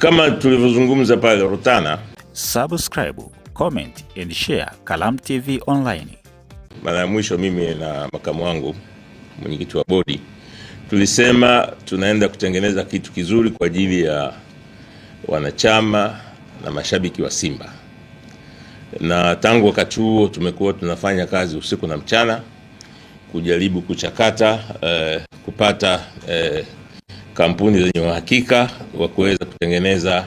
kama tulivyozungumza pale Rutana. Subscribe, comment and share Kalamu TV Online. Mara ya mwisho mimi na makamu wangu mwenyekiti wa bodi tulisema tunaenda kutengeneza kitu kizuri kwa ajili ya wanachama na mashabiki wa Simba, na tangu wakati huo tumekuwa tunafanya kazi usiku na mchana kujaribu kuchakata eh, kupata eh, kampuni zenye uhakika wa kuweza kutengeneza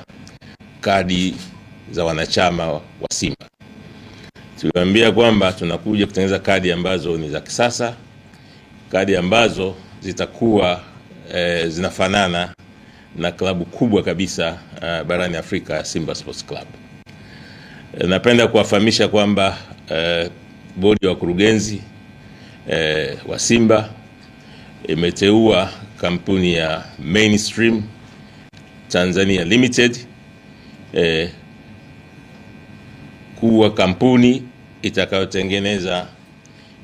kadi za wanachama wa Simba. Tuliwaambia kwamba tunakuja kutengeneza kadi ambazo ni za kisasa, kadi ambazo zitakuwa e, zinafanana na klabu kubwa kabisa uh, barani Afrika ya Simba Sports Club. E, napenda kuwafahamisha kwamba e, bodi ya wakurugenzi e, wa Simba imeteua kampuni ya Mainstream Tanzania Limited eh, kuwa kampuni itakayotengeneza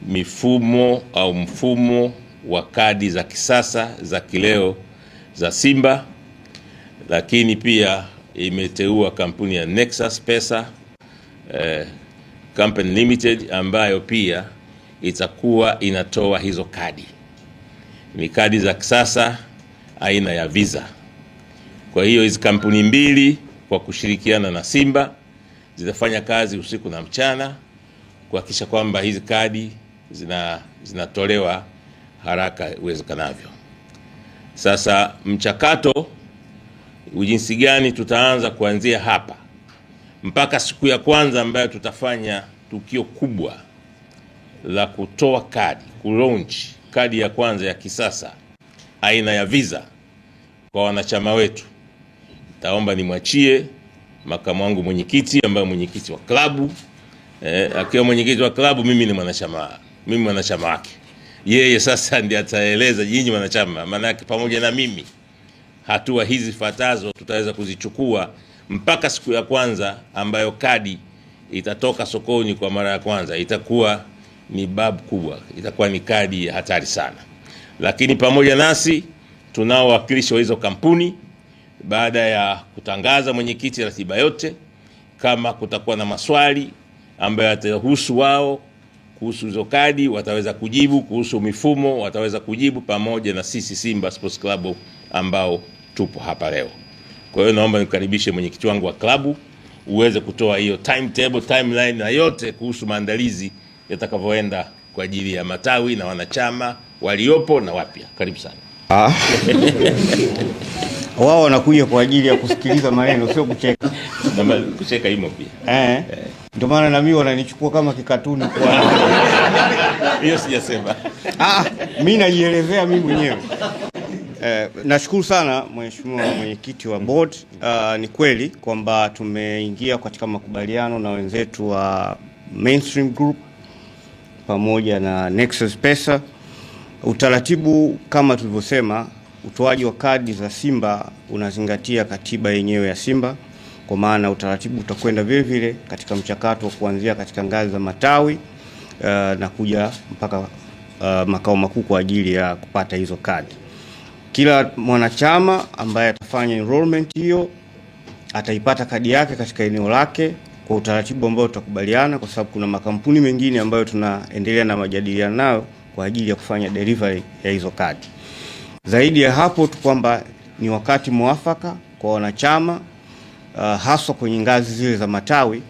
mifumo au mfumo wa kadi za kisasa za kileo za Simba, lakini pia imeteua kampuni ya Nexus Pesa eh, Company Limited ambayo pia itakuwa inatoa hizo kadi ni kadi za kisasa aina ya Visa. Kwa hiyo hizi kampuni mbili kwa kushirikiana na Simba zitafanya kazi usiku na mchana kuhakikisha kwamba hizi kadi zina zinatolewa haraka iwezekanavyo. Sasa mchakato jinsi gani tutaanza kuanzia hapa mpaka siku ya kwanza ambayo tutafanya tukio kubwa la kutoa kadi, kulaunch kadi ya kwanza ya kisasa aina ya Visa kwa wanachama wetu. Taomba nimwachie makamu wangu mwenyekiti ambaye mwenyekiti wa klabu eh, akiwa mwenyekiti wa klabu, mimi ni mwanachama, mimi mwanachama wake yeye, sasa ndiye ataeleza nyinyi wanachama, maanake pamoja na mimi hatua hizi fatazo tutaweza kuzichukua mpaka siku ya kwanza ambayo kadi itatoka sokoni kwa mara ya kwanza itakuwa ni kubwa, itakuwa ni kadi hatari sana. Lakini pamoja nasi tunao wakilishi wa hizo kampuni. Baada ya kutangaza mwenyekiti ratiba yote, kama kutakuwa na maswali ambayo yatahusu wao kuhusu hizo kadi, wataweza kujibu. Kuhusu mifumo, wataweza kujibu, pamoja na sisi Simba Sports Club ambao tupo hapa leo. Kwa hiyo naomba nikukaribishe mwenyekiti wangu wa klabu uweze kutoa hiyo timetable, timeline na yote kuhusu maandalizi yatakavyoenda kwa ajili ya matawi na wanachama waliopo na wapya. Karibu sana. Ah. Wao wanakuja kwa ajili ya kusikiliza maneno, sio kucheka. Kucheka imo pia eh. Ndio maana nami wananichukua kama kikatuni kwa hiyo sijasema. Ah, mimi najielezea mimi mwenyewe eh. Nashukuru sana mheshimiwa mwenyekiti wa board. Uh, ni kweli kwamba tumeingia katika makubaliano na wenzetu wa Mainstream Group pamoja na Nexus Pesa. Utaratibu kama tulivyosema, utoaji wa kadi za Simba unazingatia katiba yenyewe ya Simba, kwa maana utaratibu utakwenda vile vile katika mchakato wa kuanzia katika ngazi za matawi uh, na kuja mpaka uh, makao makuu kwa ajili ya kupata hizo kadi. Kila mwanachama ambaye atafanya enrollment hiyo ataipata kadi yake katika eneo lake kwa utaratibu ambao tutakubaliana, kwa sababu kuna makampuni mengine ambayo tunaendelea na majadiliano nayo kwa ajili ya kufanya delivery ya hizo kadi. Zaidi ya hapo tu kwamba ni wakati mwafaka kwa wanachama uh, haswa kwenye ngazi zile za matawi,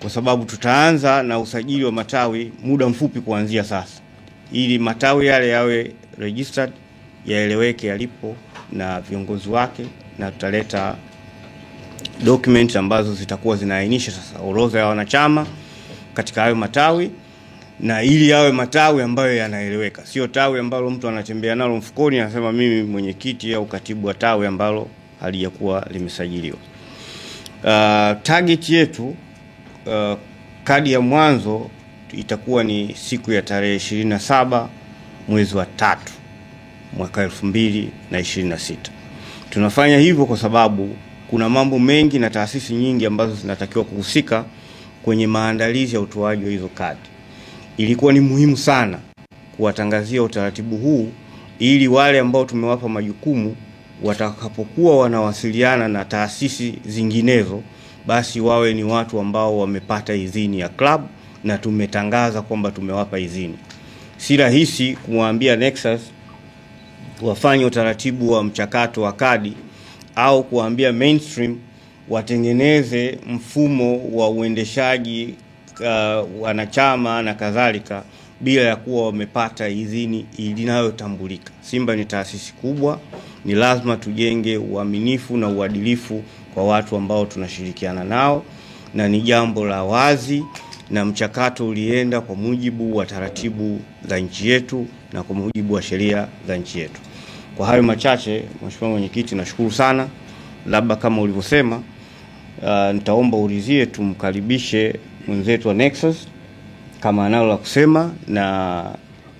kwa sababu tutaanza na usajili wa matawi muda mfupi kuanzia sasa, ili matawi yale yawe registered, yaeleweke yalipo na viongozi wake, na tutaleta document ambazo zitakuwa zinaainisha sasa orodha ya wanachama katika hayo matawi, na ili yawe matawi ambayo yanaeleweka, sio tawi ambalo mtu anatembea nalo mfukoni anasema mimi mwenyekiti au katibu wa tawi ambalo halijakuwa limesajiliwa. Uh, target yetu uh, kadi ya mwanzo itakuwa ni siku ya tarehe 27 mwezi wa tatu mwaka 2026. Tunafanya hivyo kwa sababu kuna mambo mengi na taasisi nyingi ambazo zinatakiwa kuhusika kwenye maandalizi ya utoaji wa hizo kadi. Ilikuwa ni muhimu sana kuwatangazia utaratibu huu ili wale ambao tumewapa majukumu watakapokuwa wanawasiliana na taasisi zinginezo basi wawe ni watu ambao wamepata idhini ya klabu na tumetangaza kwamba tumewapa idhini. Si rahisi kumwambia Nexus wafanye utaratibu wa mchakato wa kadi au kuambia mainstream watengeneze mfumo wa uendeshaji uh, wanachama na kadhalika bila ya kuwa wamepata idhini inayotambulika. Simba ni taasisi kubwa, ni lazima tujenge uaminifu na uadilifu kwa watu ambao tunashirikiana nao, na ni jambo la wazi, na mchakato ulienda kwa mujibu wa taratibu za nchi yetu na kwa mujibu wa sheria za nchi yetu. Kwa hayo machache, Mheshimiwa Mwenyekiti, nashukuru sana. Labda kama ulivyosema, uh, nitaomba ulizie tumkaribishe mwenzetu wa Nexus kama analo la kusema na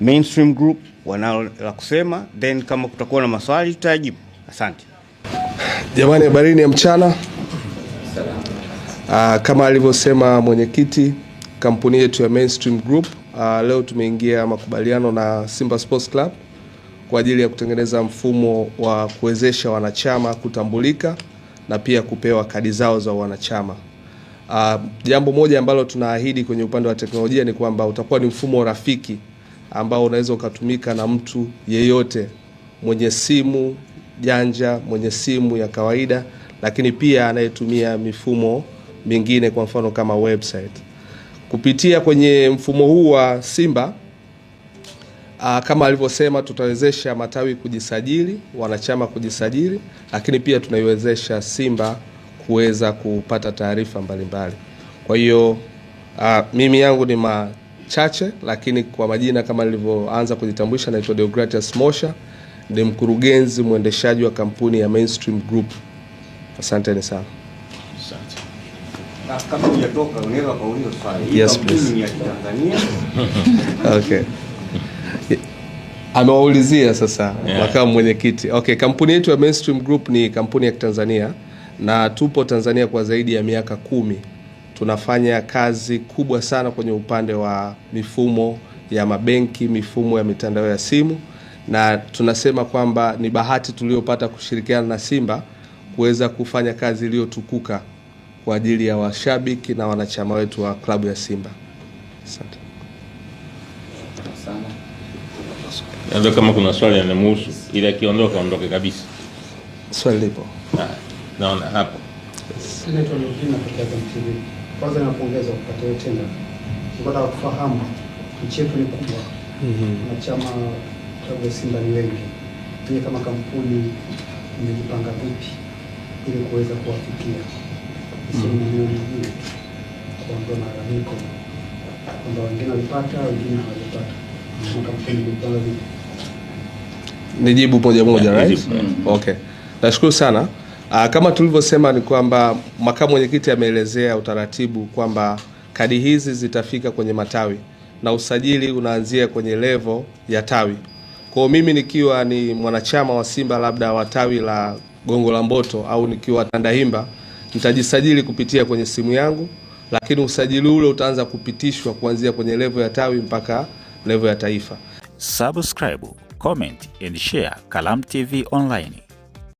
Mainstream Group wanalo la kusema, then kama kutakuwa na maswali tutayajibu. Asante jamani, habarini ya mchana. Uh, kama alivyosema mwenyekiti, kampuni yetu ya Mainstream Group uh, leo tumeingia makubaliano na Simba Sports Club kwa ajili ya kutengeneza mfumo wa kuwezesha wanachama kutambulika na pia kupewa kadi zao za wanachama. Uh, jambo moja ambalo tunaahidi kwenye upande wa teknolojia ni kwamba utakuwa ni mfumo rafiki ambao unaweza ukatumika na mtu yeyote mwenye simu janja, mwenye simu ya kawaida, lakini pia anayetumia mifumo mingine, kwa mfano kama website. Kupitia kwenye mfumo huu wa Simba Ah, kama alivyosema tutawezesha matawi kujisajili, wanachama kujisajili, lakini pia tunaiwezesha Simba kuweza kupata taarifa mbalimbali. Kwa hiyo ah, mimi yangu ni machache, lakini kwa majina kama nilivyoanza kujitambulisha, naitwa Deogratius Mosha, ni mkurugenzi mwendeshaji wa kampuni ya Mainstream Group. Asanteni sana. Yes, please. Okay. amewaulizia sasa yeah. Makamu mwenyekiti okay, kampuni yetu ya Mainstream Group ni kampuni ya Kitanzania na tupo Tanzania kwa zaidi ya miaka kumi. Tunafanya kazi kubwa sana kwenye upande wa mifumo ya mabenki, mifumo ya mitandao ya simu, na tunasema kwamba ni bahati tuliyopata kushirikiana na Simba kuweza kufanya kazi iliyotukuka kwa ajili ya washabiki na wanachama wetu wa klabu ya Simba. Asante sana. Ndio kama kuna swali linamhusu ili akiondoka aondoke kabisa. Swali lipo. Ah, naona hapo. Kwanza napongeza kwa kupata hiyo tenda. Tunataka kufahamu nchi yetu ni kubwa. Mhm. Na chama klabu ya Simba ni wengi. Ni kama kampuni imejipanga vipi ili kuweza kuwafikia isiwe mhm. kwa ndo malalamiko kwamba wengine walipata wengine hawajapata nijibu moja moja yeah, right? Mm. Okay. Nashukuru sana. Aa, ah, kama tulivyosema ni kwamba makamu mwenyekiti ameelezea utaratibu kwamba kadi hizi zitafika kwenye matawi na usajili unaanzia kwenye levo ya tawi. Kwa mimi nikiwa ni mwanachama wa Simba labda wa tawi la Gongo la Mboto au nikiwa Tandahimba nitajisajili kupitia kwenye simu yangu, lakini usajili ule utaanza kupitishwa kuanzia kwenye levo ya tawi mpaka level ya taifa. Subscribe, comment and share Kalamu TV Online.